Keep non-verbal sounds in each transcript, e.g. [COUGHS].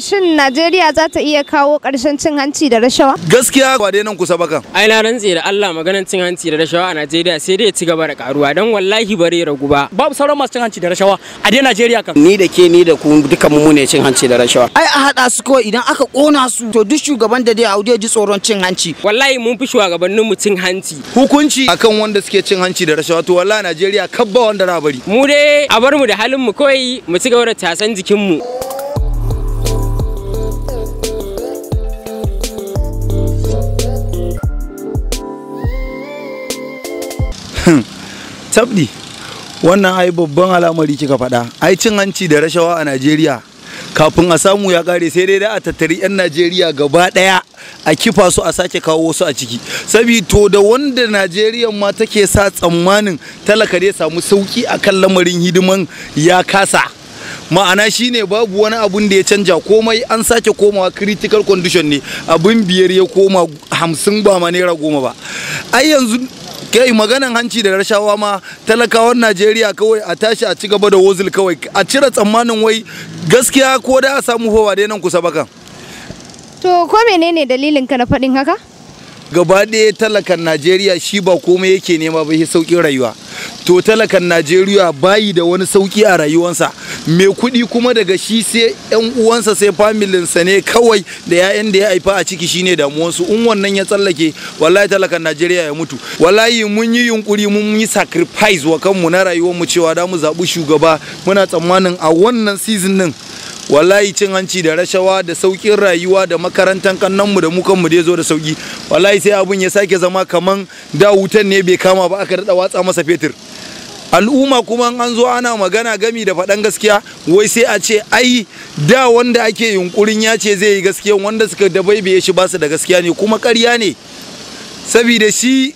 Shin Najeriya za ta iya kawo karshen cin hanci da rashawa? Gaskiya ba dai nan kusa ba kan. Ai na rantse da Allah maganar cin hanci da rashawa a Najeriya sai dai ya ci gaba da karuwa dan wallahi bare ragu ba. Babu sauran masu cin hanci da rashawa a dai Najeriya kan. Ni da ke ni da ku duka mu ne cin hanci da rashawa. Ai a hada su ko idan aka kona su to duk shugaban da dai audio ji tsoron cin hanci. Wallahi mun fi shugabannin mu cin hanci. Hukunci akan wanda suke cin hanci da rashawa to wallahi Najeriya kabba wanda na bari. Mu dai a bar mu da halin mu kawai mu ci gaba da tasan jikin mu. [COUGHS] tabdi wannan ai babban al'amari kika faɗa ai cin hanci da rashawa a najeriya kafin a samu ya kare sai dai da a tattari 'yan najeriya gaba daya a kifa su a sake kawo wasu a ciki sabito da wanda najeriya ma take sa tsammanin talaka dai samu sauki a kan lamarin hidiman ya kasa ma'ana shine babu wani abun da ya canja komai an sake komawa critical condition ne abin biyar ya koma hamsin ba ma naira goma ba ai yanzu kai maganan hanci da rashawa ma talakawan najeriya kawai a tashi a ci gaba da wozil kawai a cire tsammanin wai gaskiya ko da a samu howa dai nan kusa baka to ko menene dalilin ka na faɗin haka gaba ɗaya talakan najeriya shi ba komai yake nema ba sauƙin rayuwa to talakan najeriya bayi da wani sauƙi a rayuwansa mai kuɗi kuma daga shi sai yan uwansa sai familinsa ne kawai da ya'yan da ya haifa a ciki shine damuwansu in wannan ya tsallake wallahi talakan najeriya ya mutu wallahi mun yi yunkuri mun yi sacrifice wa kanmu na rayuwarmu cewa da mu zaɓi shugaba muna tsammanin a wannan season din wallahi cin hanci da rashawa da saukin rayuwa da makarantar kannanmu da mu kanmu da zo da sauki wallahi sai abun ya sake zama kaman da wutan ne bai kama ba aka daɗa watsa masa fetur al'umma kuma an zo ana magana gami da faɗan gaskiya wai sai a ce ai da wanda ake yunkurin ya ce zai yi gaskiya wanda suka dabaibaye shi ba su da gaskiya ne kuma ƙarya ne saboda shi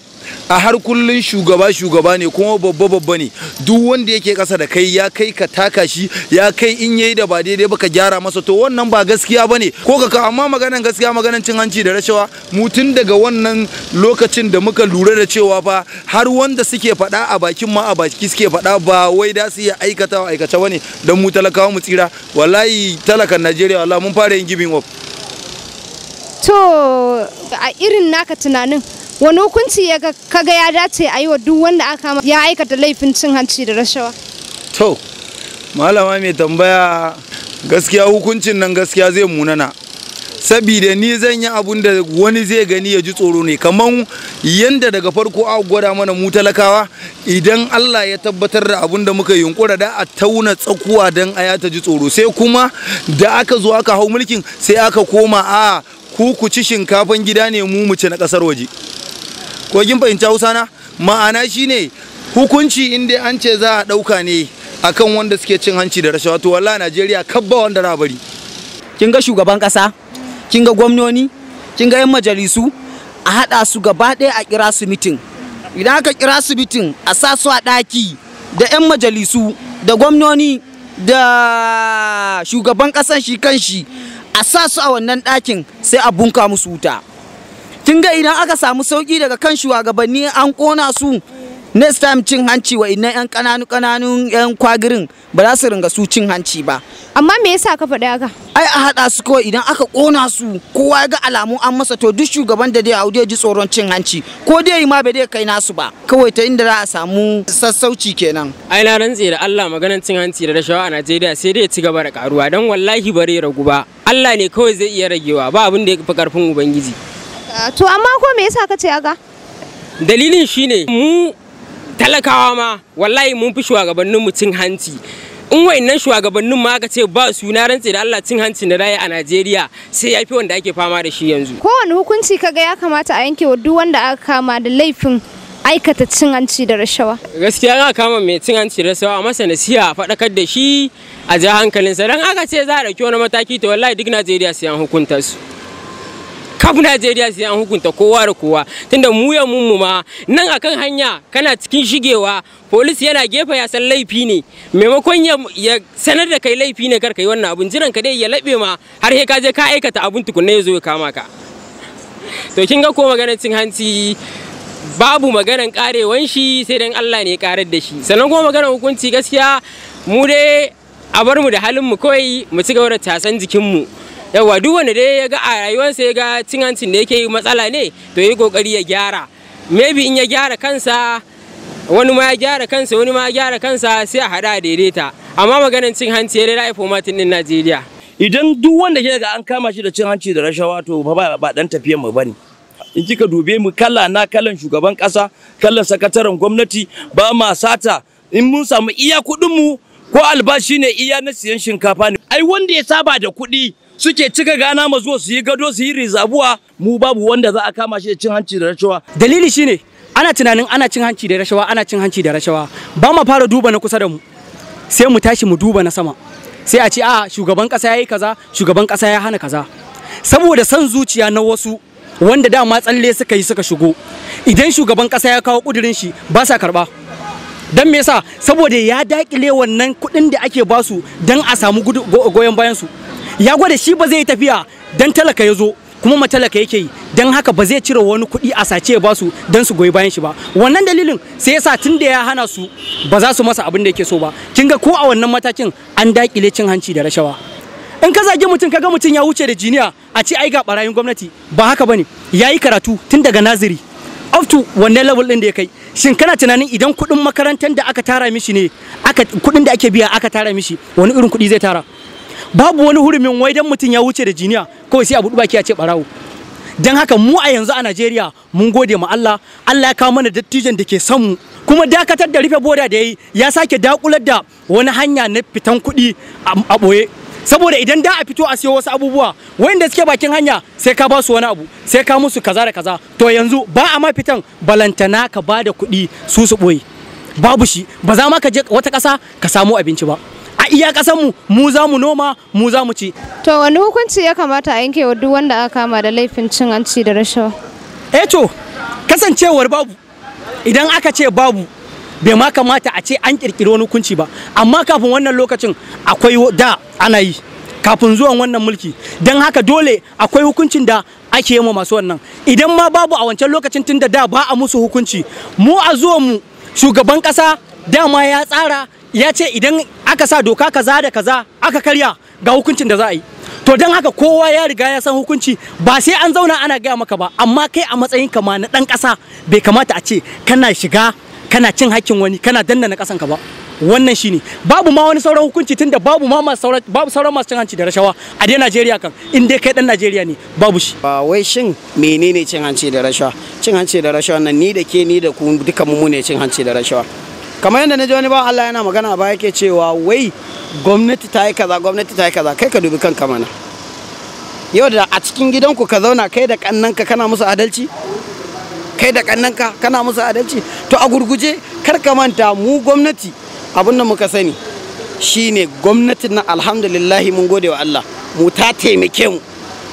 a har kullun shugaba shugaba ne kuma babba babba ne duk wanda yake kasa da kai ya kai ka taka shi ya kai in yayi da ba daidai ba ka gyara masa to wannan ba gaskiya bane ko ka amma maganan gaskiya maganan cin hanci da rashawa mu tun daga wannan lokacin da muka lura da cewa fa har wanda suke faɗa a bakin ma a baki suke faɗa ba wai da su iya aikata wa aikace bane dan mu talakawa mu tsira wallahi talakan Najeriya wallahi mun fara yin giving up to a irin naka tunanin wani hukunci ya kaga ya dace a yi wa duk wanda aka ya aikata laifin cin hanci da rashawa to malama mai tambaya gaskiya hukuncin nan gaskiya zai munana sabida ni zan yi abun da wani zai gani ya ji tsoro ne kamar yadda daga farko a gwada mana mu talakawa idan Allah ya tabbatar da abun da muka yunkura da a tauna tsakuwa don aya ta ji tsoro sai kuma da aka zo aka hau mulkin sai aka koma a ku ku ci shinkafan gida ne mu mu ci na kasar waje ko kin fahimci hausa na ma'ana shine hukunci in dai an ce za a ɗauka ne akan wanda suke cin hanci da rashawa to wallahi Najeriya kabba wanda na bari kin ga shugaban kasa kin ga gwamnoni kin ga yan majalisu a haɗa su gaba ɗaya a kira su mitin idan aka kira su mitin a sa su a ɗaki da yan majalisu da gwamnoni da shugaban kasan shi kan a sa su a wannan ɗakin sai a bunka musu wuta tun ga idan aka samu sauki daga kan shugabanni an kona su next time cin hanci wa innan yan kananu kananun yan kwagirin ba za su ringa su cin hanci ba amma me yasa ka faɗi haka ai a haɗa su kawai idan aka kona su kowa ya ga alamu an masa to duk shugaban da dai a ji tsoron cin hanci ko dai ma bai dai kai nasu ba kawai ta inda za a samu sassauci kenan ai na rantse da Allah maganar cin hanci da rashawa a Najeriya sai dai ya ci gaba da karuwa dan wallahi bare ragu ba Allah ne kawai zai iya ragewa ba abin da ya fi karfin ubangiji to amma ko me yasa kace aga dalilin shine mu talakawa ma wallahi mun fi shugabannin mu cin hanci in wayannan shugabannin ma aka ce ba su na rantse da Allah cin hanci na raye a Najeriya sai yafi wanda ake fama da shi yanzu kowane hukunci kaga ya kamata a yanke wa duk wanda aka kama da laifin aikata cin hanci da rashawa gaskiya na kama mai cin hanci da rashawa a masa nasiha a faɗakar da shi a ja hankalinsa don aka ce za a ɗauki wani mataki to wallahi duk Najeriya sai an hukunta su kaf Najeriya sai an hukunta kowa da kowa tunda mu ya mummu ma nan akan hanya kana cikin shigewa polis yana gefe ya san laifi ne maimakon ya sanar da kai laifi ne kar kai wannan abun jiran ka dai ya labe ma har sai ka je ka aikata abun tukunna ya zo ya kama ka to kin ga ko maganar cin hanci babu maganar karewan shi sai dan Allah ne ya karar da shi sannan kuma maganar hukunci gaskiya mu dai a bar mu da halin mu kawai mu ci gaba da tasan jikin mu yawa duk wanda dai ya ga a rayuwarsa ya ga cin hancin da yake yi matsala ne to yi kokari ya gyara maybe in ya gyara kansa wani ma ya gyara kansa wani ma ya gyara kansa sai a hada daidaita amma maganin cin hanci ya rera ifomatin din Najeriya idan duk wanda ke ga an kama shi da cin hanci da rashawa to ba ba dan tafiyar mu bane in kika dube mu kala na kalan shugaban kasa kalan sakataren gwamnati ba ma sata in mun samu iya kuɗin mu ko albashi ne iya na siyan shinkafa ne ai wanda ya saba da kuɗi suke cika gana mu zuwa su yi gado su yi rizabuwa mu babu wanda za a kama shi da cin hanci da rashawa dalili shine ana tunanin ana cin hanci da rashawa ana cin hanci da rashawa ba mu fara duba na kusa da mu sai mu tashi mu duba na sama sai a ce a shugaban kasa yayi kaza shugaban kasa ya hana kaza saboda san zuciya na wasu wanda dama tsalle suka yi suka shigo idan shugaban kasa ya kawo kudirin shi ba sa karba Dan me yasa saboda ya dakile wannan kuɗin da ake ba su don a samu goyon bayan su ya gwada shi ba zai tafiya don talaka ya zo kuma matalaka yake yi don haka ba zai cire wani kuɗi a sace ba su don su goyi bayan shi ba wannan dalilin sai yasa tun da ya hana su ba za su masa abin da yake so ba kin ga ko a wannan matakin an dakile cin hanci da rashawa in ka zagi mutum kaga mutum ya wuce da jiniya a ce ai ga barayin gwamnati ba haka bane yayi karatu tun daga naziri up to wannan level din da ya kai shin kana tunanin idan kuɗin makarantar da aka tara mishi ne aka kuɗin da ake biya aka tara mishi wani irin kuɗi zai tara babu wani hurumin wai dan mutum ya wuce da jiniya kawai sai abu duba baki a ce barawo dan haka mu a yanzu a Najeriya mun gode ma Allah Allah ya kawo mana dattijan da ke son mu kuma dakatar da rufe boda da yayi ya sake dakular da wani hanya na fitan kuɗi a ɓoye saboda idan da a fito a siyo wasu abubuwa wanda suke bakin hanya sai ka ba su wani abu sai ka musu kaza da kaza to yanzu ba a ma fitan balantana ka ba da kuɗi su su ɓoye babu shi ba za ma ka je wata ƙasa ka samu abinci ba a iya ƙasar mu mu za mu noma mu za mu ci to wani hukunci ya kamata a yanke wa duk wanda aka kama da laifin cin hanci da rashawa eh to kasancewar babu idan aka ce babu bai ma kamata a ce an kirkiri wani hukunci ba amma kafin wannan lokacin akwai da ana yi kafin zuwan wannan mulki don haka dole akwai hukuncin da ake yi masu wannan idan ma babu a wancan lokacin tun da da ba a musu hukunci mu a zuwan mu shugaban kasa dama ya tsara ya ce idan aka sa doka kaza da kaza aka karya ga hukuncin da za a yi to don haka kowa ya riga ya san hukunci ba sai an zauna ana gaya maka ba amma kai a matsayin kama na ɗan ƙasa bai kamata a ce kana shiga kana cin haƙƙin wani kana danna na kasan ka ba wannan shine babu ma wani sauran hukunci tunda babu ma masu sauran babu sauran masu cin hanci da rashawa a dai Najeriya kan in dai kai dan Najeriya ne babu shi ba wai shin menene cin hanci da rashawa cin hanci da rashawa nan ni da ke ni da ku duka mu ne cin hanci da rashawa kamar yadda na ji wani ba Allah yana magana ba yake cewa wai gwamnati ta yi kaza gwamnati ta yi kaza kai ka dubi kanka mana yau da a cikin gidanku ka zauna kai da kannanka kana musu adalci kai da kannanka kana musu adalci to a gurguje kar ka manta mu gwamnati abin da muka sani shine gwamnatin na alhamdulillah mun gode wa Allah mu ta taimake mu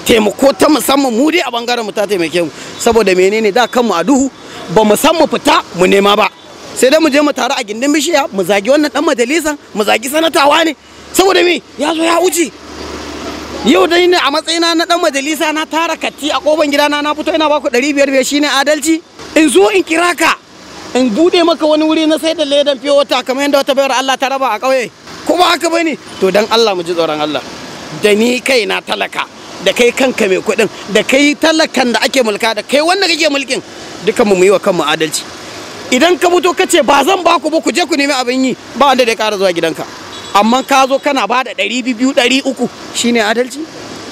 taimako ta musamman mu dai a bangaren mu ta taimake mu saboda menene da kanmu a duhu ba mu san mu fita mu nema ba sai dai mu je mu taru a gindin bishiya mu zagi wannan dan majalisa mu zagi sanatawa ne saboda me ya zo ya wuce yau dai ne a matsayina na dan majalisa na tara katti a koban gidana na fito ina baku ɗari biyar biyar shine adalci in zo in kira ka in bude maka wani wuri na sai da ledan fiye wata kamar yadda wata bayar Allah ta raba a ƙauye ko ba haka bane to dan Allah mu ji tsoron Allah da ni kai na talaka da kai kanka mai kuɗin da kai talakan da ake mulka da kai wanda kake mulkin dukanmu mu yi wa kanmu adalci idan ka fito ka ce ba zan ba ku ba ku je ku nemi abin yi ba wanda da ya kara zuwa gidanka amma ka zo kana ba da ɗari biyu ɗari uku shine adalci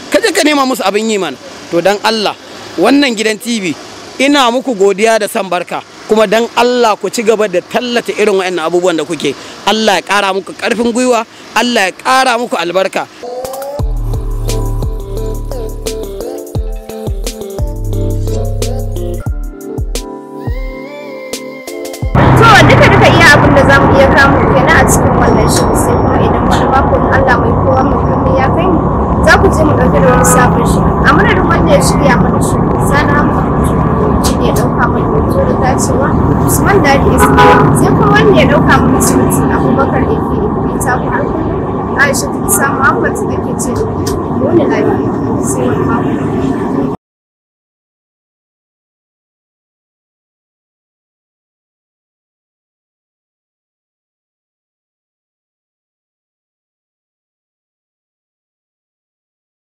ka ka nema musu abin yi mana to dan Allah wannan gidan TV ina muku godiya da san barka kuma dan Allah ku ci gaba da tallata irin waɗannan abubuwan da kuke Allah ya ƙara muku ƙarfin gwiwa Allah ya ƙara muku albarka duka duka iya abin da kamu da wani sabon shi a wanda ya shirya mana shi sana hamdu ne dauka mana hoto da tacewa usman dadi ismail sai kuma wanda ya dauka mana sunan abubakar da ke da ta ku aisha ta isa muhammad da ke ce mu ne lafiya sai wani mako